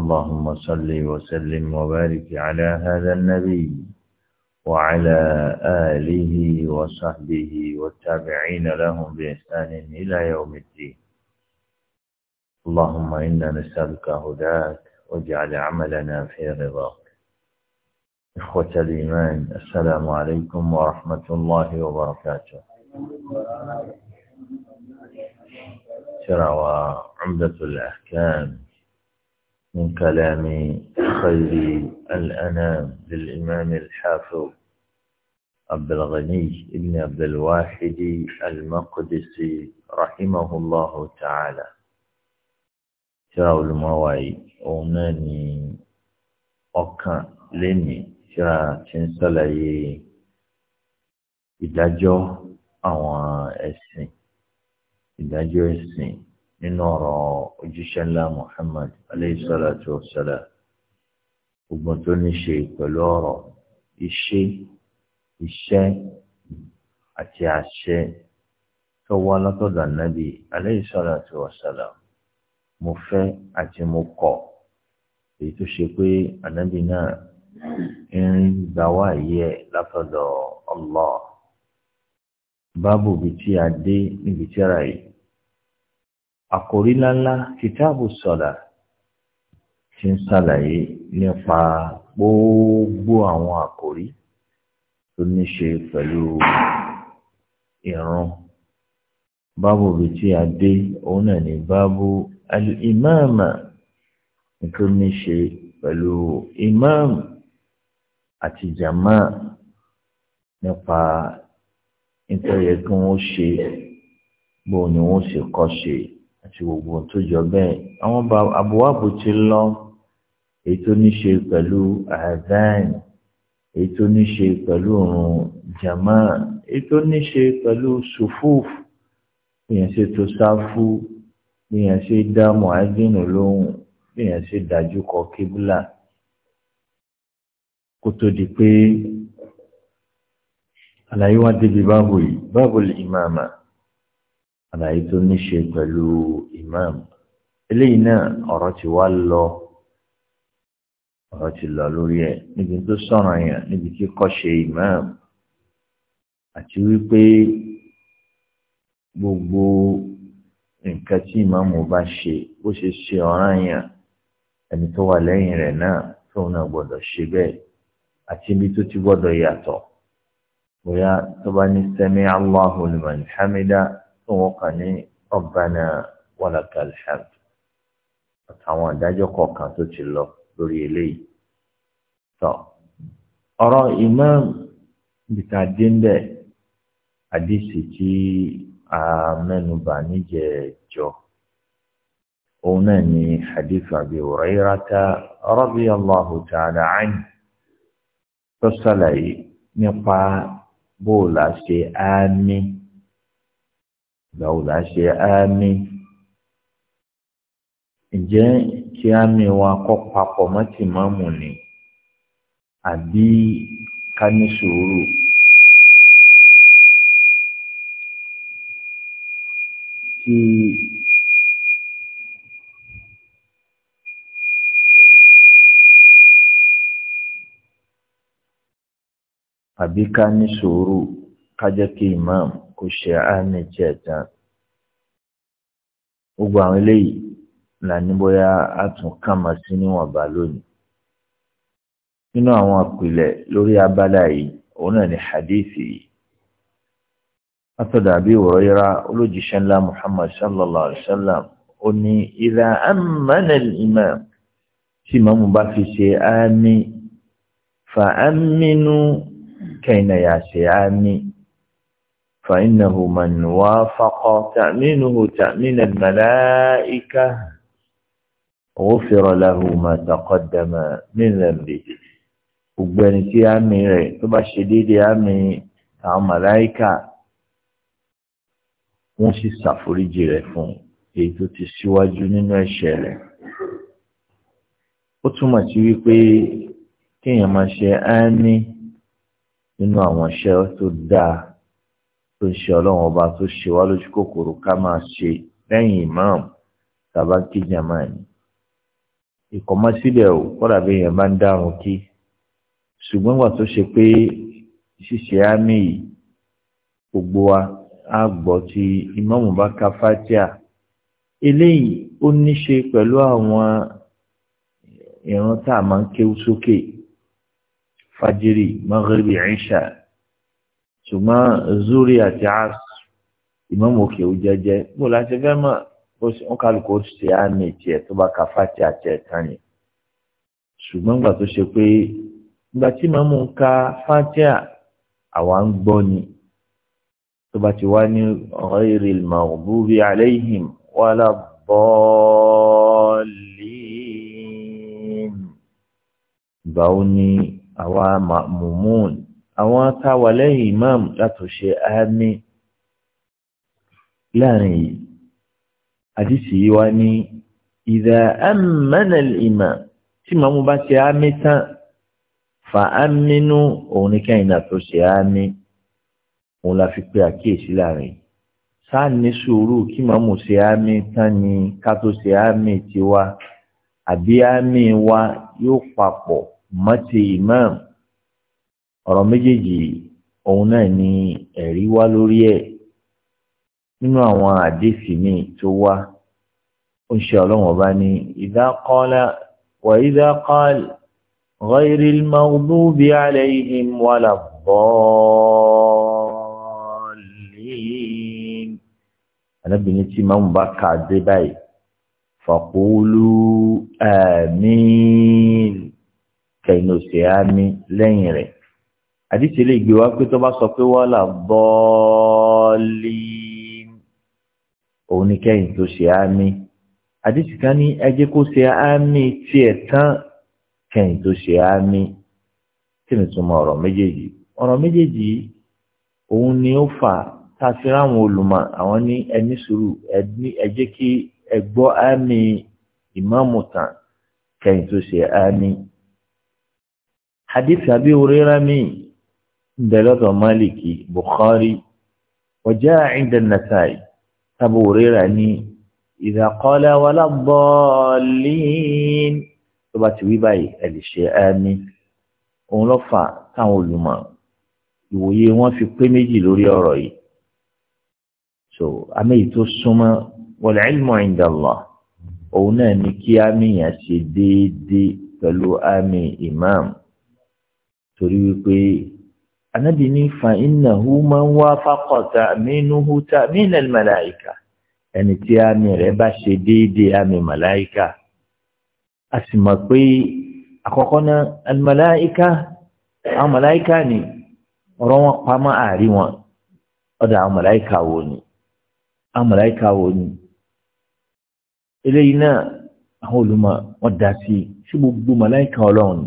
اللهم صل وسلم وبارك على هذا النبي وعلى آله وصحبه والتابعين لهم بإحسان إلى يوم الدين اللهم إنا نسألك هداك واجعل عملنا في رضاك إخوة الإيمان السلام عليكم ورحمة الله وبركاته شرع وعمدة الأحكام من كلام خير الأنام للإمام الحافظ عبد الغني بن عبد الواحد المقدسي رحمه الله تعالى شراء المواعي أمناني ọ̀kan lẹ́ni tí a ti ń sàlàyé ìdájọ́ أسن ẹ̀sìn ìdájọ́ ẹ̀sìn nínú ọ̀rọ̀ ojúṣe ńlá Muhammad alayhi salatu wa salam gbogbo tó ní ṣe pẹ̀lú ọ̀rọ̀ iṣẹ́ iṣẹ́ àti àṣẹ tó wá látọ̀dọ̀ ànábì alayhi salatu wa salam mo fẹ́ àti mo kọ̀ èyí tó ṣe pé ànábì náà ń gbà wá yẹ látọ̀dọ̀ Allah báàbù bíi tí a dé níbi tí ara yìí àkòrí ńláńlá kìtáàbù sọ̀dà ti ń ṣàlàyé nípa gbogbo àwọn àkòrí tó ní ṣe pẹ̀lú ìrun báàbù bíi tí a dé òun náà ní báàbù al tó ní ṣe pẹ̀lú imam àti jama nípa nítorí kí wọ́n ṣe bó ni wọ́n ṣe kọ́ ṣe àti gbogbo tó jọ bẹ́ẹ̀ àwọn àbúwàbù ti lọ èyí tó ní ṣe pẹ̀lú àdáìn èyí tó ní ṣe pẹ̀lú òrùn jàmá èyí tó ní ṣe pẹ̀lú sùfúùf èèyàn ṣe tó sáfú èèyàn ṣe dá mọ̀ájínù lóhùn èèyàn ṣe dájú kọ kíbúlà kó tó di pé àlàyé wá débi báàbò yìí báàbò lè ìmáàmà àlàyé tó ní ṣe pẹ̀lú imam eléyìí náà ọ̀rọ̀ ti wá lọ ọ̀rọ̀ ti lọ lórí ẹ̀ níbi tó sọ̀rọ̀ yẹn níbi tí kọ́ ṣe imam àti wípé gbogbo nǹkan tí ìmáàmù bá ṣe bó ṣe ṣe ọ̀ràn yẹn ẹni tó wà lẹ́yìn rẹ̀ náà tóun náà gbọ́dọ̀ ṣe bẹ́ẹ̀ àti ibi tó ti gbọ́dọ̀ yàtọ̀ bóyá tó bá ní sẹ́mi Allahu liman hamida tóun kàn ní ọ̀bánà wàlàkàl hamd àtàwọn àdájọ́ kọ̀ọ̀kan tó ti lọ lórí eléyìí. tọ́ ọ̀rọ̀ imam bitadinde àdìsí tí a mẹ́nubà níjẹ̀ẹ́jọ́ òun náà ni hadith Abi Hurayrata radiyallahu ta'ala anhu tó sàlàyé nípa bóòlà ṣe ámì gbàwó là á ṣe ámì ǹjẹ́ kí ámì wa kọ́ papọ̀ mọ́ tìmáàmù ni àbí ká ní sùúrù. Kí àbí ká ní sùúrù kájẹ́ kí imam kò ṣe àmì tiẹ̀ tán gbogbo àwọn eléyìí là ní bóyá a tún kàn mọ́ sí níwọ̀nba lónìí nínú àwọn àpilẹ̀ lórí abala yìí òun náà ni hadithi yìí látọ̀dọ̀ àbí Huraira olójíṣẹ́ ńlá Muhammad sallallahu alayhi wa sallam ó ní idha ammana al-imam tí ìmáàmù bá fi ṣe àmì فإنه من وافق تأمينه تأمين الملائكة غفر له ما تقدم من ذنبه ògbẹ́ni tí àmì rẹ̀ tó bá ṣe déédéé àmì àwọn màláìkà wọ́n sì ṣàforíjì rẹ̀ fún èyí tó ti síwájú nínú ẹ̀ṣẹ̀ rẹ̀ ó túmọ̀ sí wípé kéèyàn máa ṣe áání nínú àwọn iṣẹ́ tó dáa tó ń ṣe ọlọ́run ọba tó ṣe wá lójú kòkòrò ká máa ṣe lẹ́yìn imam tàbá kí jama ni. ìkọ̀mọ́sílẹ̀ ò kọ́dà bí èèyàn bá ń dárun kí ṣùgbọ́n wà tó ṣe pé ṣíṣe àmì gbogbo wa á gbọ́ tí imam bá ka fatia eléyìí ó ní ṣe pẹ̀lú àwọn ìran tá a máa ń kéwú sókè fajiri magharibi aisha ṣùgbọ́n zuri àti as ìmáàmù òkè ò jẹjẹ bó la ṣe fẹ́ mọ̀ bó ṣe ń kálukú ó ṣe á ní tiẹ̀ tó bá ka fati àti ẹ̀tàn yẹn ṣùgbọ́n gbà tó ṣe pé ìgbà tí ìmáàmù ń ka fati àwa ń gbọ́ ni tó bá ti wá ní ghayril maghdubi alayhim wala ddallin ìgbà ó ní àwa ma'mumun àwọn tá a wà lẹ́yìn imam látò ṣe àmì láàrin yìí àdìsí yìí wá ní ìdá amánà imam tí màmú bá ṣe àmì tán fa àmì nú òun ní kẹ́yìn náà tó ṣe àmì òun la fi pe àkíyèsí láàrin sáà ní sùúrù kí màmú ṣe àmì tán ni ká tó ṣe àmì tiwa àbí àmì wa yóò papọ̀ mọ́ ti imam ọ̀rọ̀ méjèèjì òun náà ni ẹ̀rí wá lórí ẹ̀ nínú àwọn àdéhìí mi tó wá ó ń ṣe ọlọ́wọ́n bá ní idha qala wa idha qala ghayril maghdubi alayhim wala ddallin alábìnrin tí màmú bá kà dé báyìí faqulu àmín kẹ́yìn ló ṣe lẹ́yìn rẹ̀ àdìsí lè gbé wá pé tó bá sọ pé wọ́n là bọ́ọ̀lì òun ni kẹ́yìn tó ṣe àmì àdìsí kan ní ẹjẹ́ kó ṣe àmì tiẹ̀ tán kẹ́yìn tó ṣe àmì kí ni túmọ̀ ọ̀rọ̀ méjèèjì ọ̀rọ̀ méjèèjì òun ni ó fà tá a fi ráwọn olùmọ̀ àwọn ní ẹni sùúrù ẹjẹ́ kí ẹ gbọ́ àmì ìmáàmù tán kẹ́yìn tó ṣe àmì. hadith àbí orí rá dẹlọtọ Maliki Bukhari ọjà inda Nasa'i Abu Hurairah ní idha qala wala ddallin tó bá ti wí báyìí ẹ lè ṣe ẹni òun lọ fà táwọn olùmọ̀ ìwòye wọn fi pé méjì lórí ọ̀rọ̀ yìí so àmì tó súnmọ́ wal ilmu inda Allah òun náà ni kí àmì yẹn ṣe déédéé pẹ̀lú àmì imam torí wípé anábì ní fa innahu man wafaqa ta'minuhu ta'mina al-malaika ẹni tí àmì rẹ̀ bá ṣe déédéé àmì màláìka a sì mọ̀ pé àkọ́kọ́ náà al-malaika àwọn màláìka ni ọ̀rọ̀ wọn pamọ́ àárín wọn ọ̀dà àwọn màláìka wo ni àwọn màláìka wo ni eléyìí náà àwọn olùmọ̀ wọn dá sí ṣé gbogbo màláìka ọlọ́run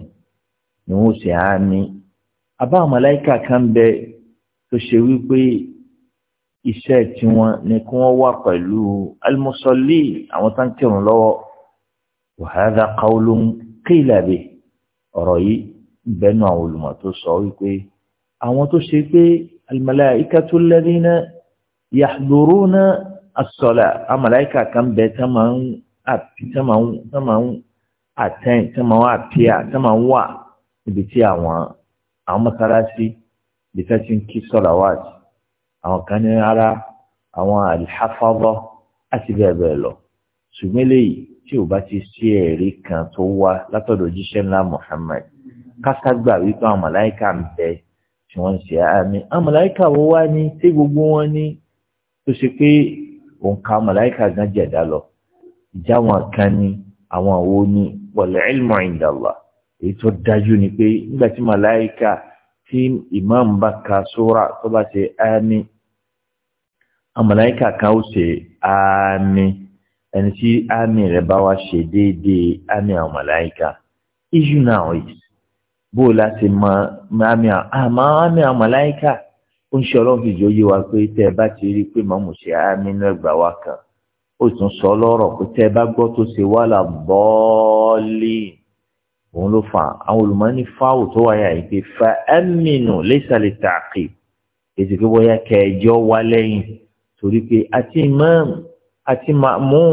ni wọ́n ṣe àmì àbá àmàláìkà kan bẹ tó ṣe wípé iṣẹ́ tiwọn ni kí wọ́n wà pẹ̀lú alimusọ́lì àwọn tá ń kírun lọ́wọ́ wàhálà kawuló ń kéèlà bẹ ọ̀rọ̀ yìí bẹ́nu àwọn olùmọ̀ tó sọ wípé àwọn tó ṣe pé alimaláìkà tó lẹ́rí náà yàdúró náà asọ̀là àmàláìkà kan bẹ tá máa ń àpì tá máa ń àpíà tá máa ń wà níbi tí àwọn àwọn mọ́sálásí bí tẹ́ ti ń kí sọ̀làwáàtì àwọn kan ní ara àwọn àlìhàfáwọ́ àti bẹ́ẹ̀ bẹ́ẹ̀ lọ ṣùgbọ́n eléyìí tí ò bá ti sí ẹ̀rí kan tó wá látọ̀dọ̀ òjíṣẹ́ ńlá Muhammad káságbà wípé àwọn màláìka ń bẹ tí wọ́n ń ṣe àmì àwọn màláìka wo wá ní tí gbogbo wọn ní tó ṣe pé òǹkà màláìka gan jẹ̀dá lọ ìjà wọn kan ní àwọn wo ní wal ilmu inda èyí tó dájú ni pé nígbà tí màláìka tí ìmáàmù bá ka sóra tó bá ṣe ámì àmàláìka kan ó ṣe ámì ẹni tí ámì rẹ̀ bá wá ṣe déédéé ámì àmàláìka issue now is bó o láti mọ ámì àmà ámì àmàláìka ó ń ṣe ọlọ́run fìdí ó yé wa pé tẹ́ ẹ bá ti rí i pé màmú ṣe ámì náà gbà wá kan ó tún sọ lọ́rọ̀ pé tẹ́ ẹ bá gbọ́ tó ṣe wàhálà bọ́ọ̀lì òun ló fà àwọn olùmọ́ni fáwò tó wáyà yìí pé fa ẹ́mìnù lẹ́sàlẹ̀ tààkì ètò pé bóyá kẹjọ wá lẹ́yìn torí pé àti ìmáàmù àti màmúù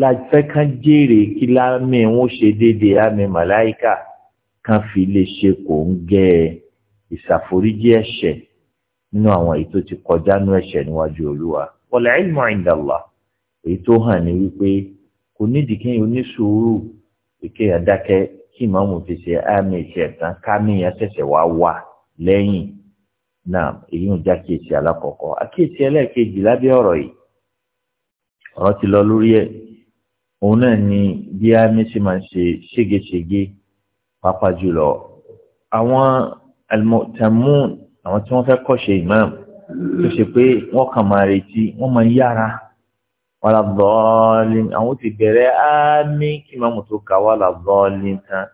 la fẹ́ kán jèrè kí lámì wọn ṣe déédéé àmì màláìkà kan fi lè ṣe kò ń gẹ ìṣàforíjì ẹ̀ṣẹ̀ nínú àwọn èyí tó ti kọjá nú ẹ̀ṣẹ̀ níwájú olúwa wal ilmu inda èyí tó hàn ní wípé kò nídìí kéèyàn onísùúrù kéèyàn dákẹ́ kí ìmáàmù fi ṣe àmì ìṣẹ̀tàn kámi yẹn ṣẹ̀ṣẹ̀ wá wà lẹ́yìn náà èyí ń já kíyèsí alákọ̀ọ́kọ́ àkíyèsí ẹlẹ́ẹ̀kejì lábẹ́ ọ̀rọ̀ yìí ọ̀rọ̀ ti lọ lórí ẹ̀ òun náà ni bí àmì ṣe máa ń ṣe ségesège pàápàá jùlọ àwọn almu'tamun àwọn tí wọ́n fẹ́ kọ́ṣe ìmáàmù tó ṣe pé wọ́n kàn máa retí wọ́n máa ń yára wàlà bọ́ọ̀lì àwọn ti bẹ̀rẹ̀ ámì kí mọ́mù tó ka wàlà bọ́ọ̀lì tán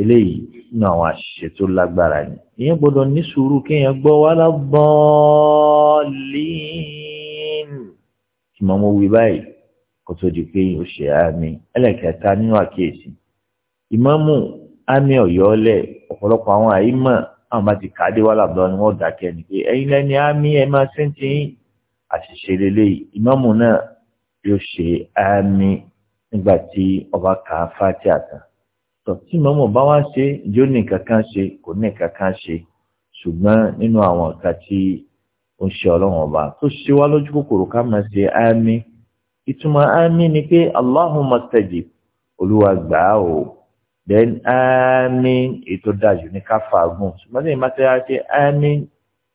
eléyìí nínú àwọn àṣìṣe tó lágbára ni ìyẹn gbọ́dọ̀ ní sùúrù kéèyàn gbọ́ wàlà bọ́ọ̀lì kí mọ́mù wí báyìí kó tó di pé ó ṣe ámì ẹlẹ́kẹta nínú àkíyèsí ìmọ̀mù ámì ọ̀yọ́lẹ̀ ọ̀pọ̀lọpọ̀ àwọn àyímọ̀ àwọn bá ti kàdé wàlà bọ́ọ̀lì wọn dákẹ́ ni pé ẹ̀yin lẹ́ni ámì ẹ̀ máa ṣe ń ti àṣìṣe lélẹ́yìí ìmọ̀mù náà yóò ṣe ámì nígbà tí ọba kà á fàtí àtàn tọ tí mọ́mọ́ bá wá ṣe yóò ní kankan ṣe kò ní kankan ṣe ṣùgbọ́n nínú àwọn nǹkan tí ó ń ṣe ọlọ́run ọba tó ṣe wá lójú kòkòrò ká máa ṣe ámì ìtumọ̀ ámì ni pé Allahumma stajib olúwa gbà á o then ámì ètò dájú ní ká fàágùn ṣùgbọ́n tí ìmọ̀ tẹ́ wá ṣe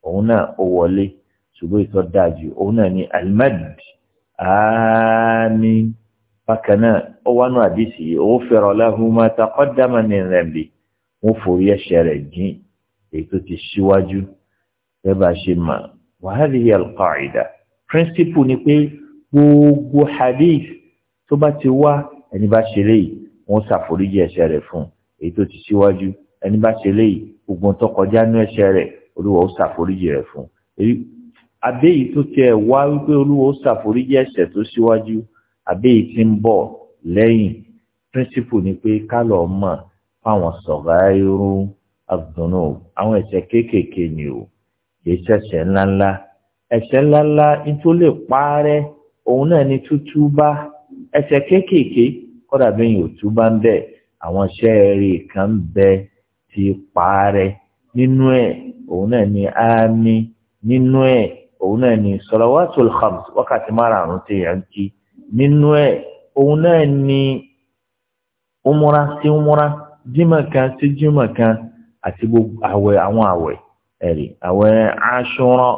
òun náà ó wọlé ṣùgbọ́n ètò dájú òun náà ni almadi àmì bákan náà ó wá nù àdìsí ghufira lahu ma taqaddama min dhanbi wọ́n forí ẹ̀ṣẹ̀ rẹ̀ jìn èyí tó ti ṣíwájú bẹ́ẹ̀ bá ṣe mà wa hadhihi al-qa'ida principle ni pé gbogbo hadith tó bá ti wá ẹni bá ṣe léyìí wọ́n ṣàforíjì ẹ̀ṣẹ̀ rẹ̀ fún èyí tó ti síwájú ẹni bá ṣe léyìí gbogbo tó kọjá nú ẹ̀ṣẹ̀ rẹ̀ olúwa ó ṣàforíjì rẹ̀ fún àbẹ́yì tó tiẹ̀ wá wípé olúwo ṣàforíjì ẹ̀ṣẹ̀ tó síwájú àbẹ́yì tí ń bọ̀ lẹ́yìn píríncípù ni pé kálọ̀ mọ̀ fáwọn sọ̀rọ̀ irú àdùnnú àwọn ẹ̀ṣẹ̀ kéékèèké ni o kì í ṣẹ̀ṣẹ̀ ńláńlá ẹ̀ṣẹ̀ ńláńlá tó lè parẹ́ òun náà ni tútú bá ẹ̀ṣẹ̀ kéékèèké kọ́dà bí yòó tú bá ń bẹ̀ àwọn iṣẹ́ rí kan bẹ ti parẹ́ nínú ẹ̀ òun náà ni àmì nínú ẹ̀ òun náà ni salawatul khams wákàtí márààrún tí yà ń kí nínú ẹ̀ òun náà ni umura sí umura jímọ̀ kan sí jímọ̀ kan àti gbogbo àwẹ̀ àwọn àwẹ̀ ẹ̀rí àwẹ̀ aṣọ́rọ̀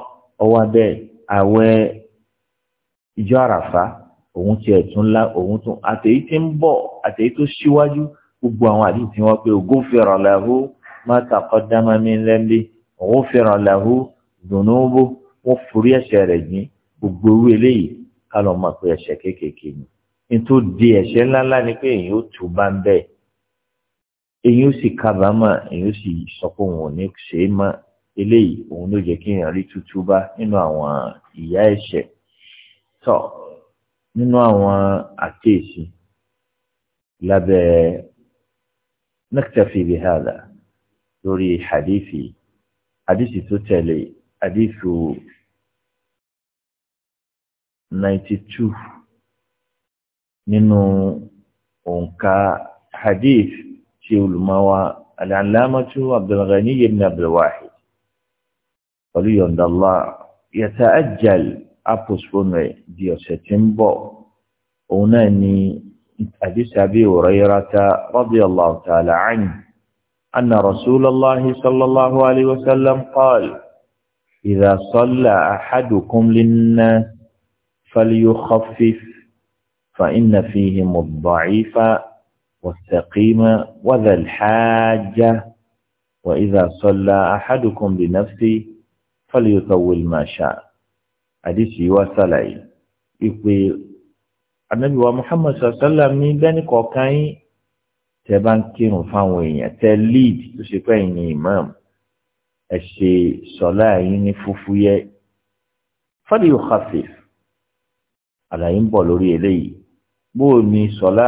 ọwọ́ bẹ́ẹ̀ àwẹ̀ ìjọ àràfà òun ti ẹ̀tún ńlá òun tún àtẹ̀yí tí ń bọ̀ àtẹ̀yí tó síwájú gbogbo àwọn àdìsí tí wọ́n pé ghufira lahu ma taqaddama min dhanbi ghufira lahu dhunubuhu wọ́n forí ẹ̀ṣẹ̀ rẹ̀ jìn gbogbo owó eléyìí ká lọ mọ̀ pé ẹ̀ṣẹ̀ kéékèèké ni nítorí di ẹ̀ṣẹ̀ ńláńlá ni pé èyí ó tù bá ń bẹ́ẹ̀ èyí ó sì kábàámọ̀ èyí ó sì sọ pé òun ò ní ṣe é mọ́ eléyìí òun ló jẹ́ kí èèyàn rí tútú bá nínú àwọn ìyá ẹ̀ṣẹ̀ tó nínú àwọn àkéèsí lábẹ́ naktafi bihada lórí hadithi hadithi tó tẹ̀lé yìí àdìsù ninety two nínú òǹkà hadith tí olùmọ̀wá aláǹlámọ́tú abdulghani ibn abdulwahid pẹ̀lú yọ̀ǹda allah yẹta ajal apostone di ọ̀sẹ̀ tí ń bọ̀ òun náà ni hadith abi hurayrata radiyallahu ta'ala anhu anna rasulallah sallallahu alayhi wa sallam qaala. إذا صلى أحدكم للناس فليخفف فإن فيهم الضعيف والسقيم وذا الحاجة وإذا صلى أحدكم لنفسه فليطول ما شاء àdìsí wa ṣàlàyé ìpè anábìwá muhammad sallam ní bẹ́ẹ̀ni kọ̀ọ̀kan yín tẹ́ bá ń kírun fáwọn èèyàn tẹ́ lead tó ṣe pé ẹ̀yin imam ẹ ṣe sọlá yín ní fúfúyẹ́ fọlẹ yóò hafif àlàyé ń bọ̀ lórí eléyìí bó o ní sọlá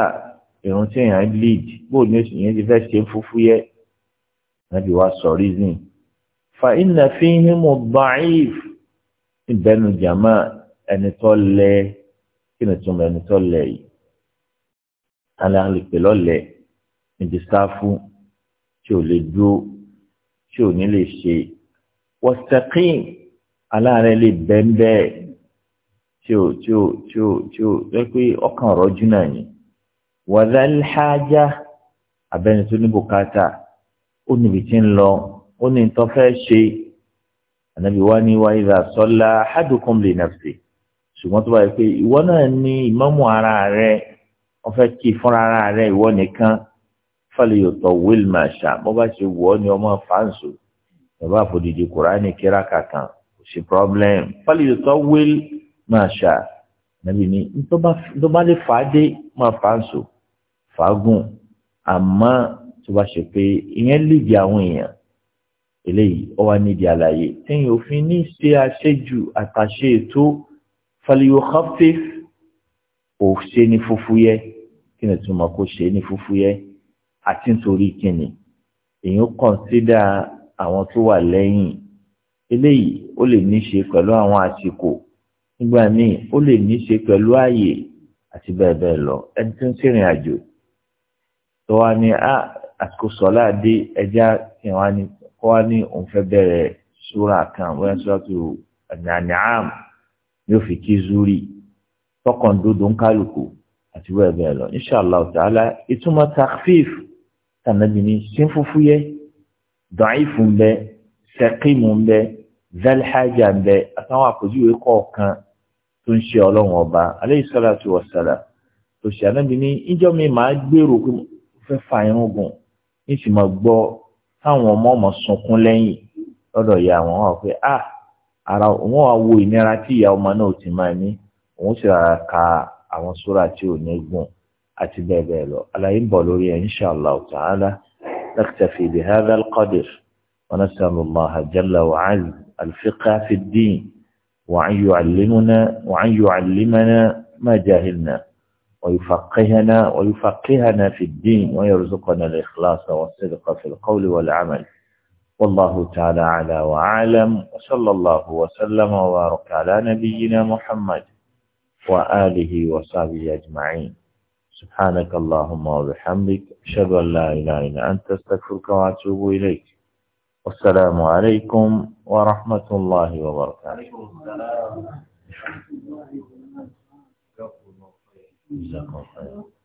irun tí èèyàn lead bó o ní oṣù yẹn ti fẹ́ ṣe fúfúyẹ́ nàbí wa sọ reason fa iná fi hín mu bàáìf ìbẹnu jàmá ẹni tó lẹ kí ni túmọ̀ ẹni tó lẹ yìí alẹ́ àlèpẹ́ lọ́lẹ̀ níbi sáfù tí ò lè dúró tí ò ní lè ṣe wọ́sẹ̀kín aláàárẹ̀ lè bẹ́ńbẹ́ tí ò tí ò tí ò tí ò lẹ́ pé ọkàn rọ́jú náà ni wàdálhájá abẹ́ni tó ní bùkátà ó níbi tí ń lọ ó ní tó fẹ́ ṣe ànábi wá ní wáyé rà sọ́lá lè nàfẹ́ ṣùgbọ́n tó bá yẹ pé ìwọ náà ní ìmámù ara rẹ wọ́n fẹ́ kí fúnra ara rẹ ìwọ nìkan fàlẹ́yọ̀tọ̀ wilma ṣá bó bá ṣe wù ọ́ ni ọmọ fáǹsù bàbá àfòdìdì kùránì kíra kankan kò sí problem fàlẹ́yọ̀tọ̀ wilma ṣá nàbí ni tó bá lè fà á dé máa fáǹsù fàágùn àmọ́ tó bá ṣe pé ìyẹn lèdí àwọn èèyàn eléyìí ó wá nídìí àlàyé tẹ́yìn òfin ní ṣe àṣejù àtàṣe ètò fàlẹ́yọ̀ kọ́fẹ́ òṣè ní fúfúyẹ́ kí ni tó máa kó ṣe ní fúfúyẹ́ àti nítorí kíni èèyàn kọ̀nsídà àwọn tó wà lẹ́yìn eléyìí ó lè ní ṣe pẹ̀lú àwọn àsìkò nígbà míì ó lè ní ṣe pẹ̀lú ààyè àti bẹ́ẹ̀ bẹ́ẹ̀ lọ ẹni tó ń ṣèrìn àjò tó wá ní àsìkò sọ́lá dé ẹja ni kó wá ní òun fẹ́ bẹ̀rẹ̀ súra kan wọ́n sọ́ra tó nàníàm yóò fi kí zúrì tọkàn dúdú ń kálukú àti bẹ́ẹ̀ bẹ́ẹ̀ lọ inṣàlá ta'ala ìtumọ̀ takfífù tànàbí ní sínfúfúyẹ́ dọ̀ọ́ìfù ń bẹ sẹ́kìmù ń bẹ zalhaja ń bẹ àtàwọn àpèjúwe kọ̀ọ̀kan tó ń ṣe ọlọ́run ọba alayhi salatu wassalam tó ṣe ànábì ní ìjọ mi máa gbèrò pé mo fẹ́ fa irun gùn ní sì máa gbọ́ táwọn ọmọ ọmọ sunkún lẹ́yìn lọ́dọ̀ ìyá wọn wà pé a ara wọn wá wo ìnira tí ìyá ọmọ náà ti máa ní òun sì rárá ka àwọn sóra tí ò ní gùn. àti bẹ́ẹ̀ على lọ àlàyé ń bọ̀ lórí نكتفي بهذا القدر ونسأل الله جل وعلا الفقه في الدين وأن يعلمنا وأن يعلمنا ما جاهلنا ويفقهنا ويفقهنا في الدين ويرزقنا الإخلاص والصدق في القول والعمل والله تعالى على وعلم وصلى الله وسلم وبارك على نبينا محمد وآله وصحبه أجمعين سبحانك اللهم وبحمدك أشهد أن لا إله إلا أنت استغفرك وأتوب إليك والسلام عليكم ورحمة الله وبركاته جزاكم الله خير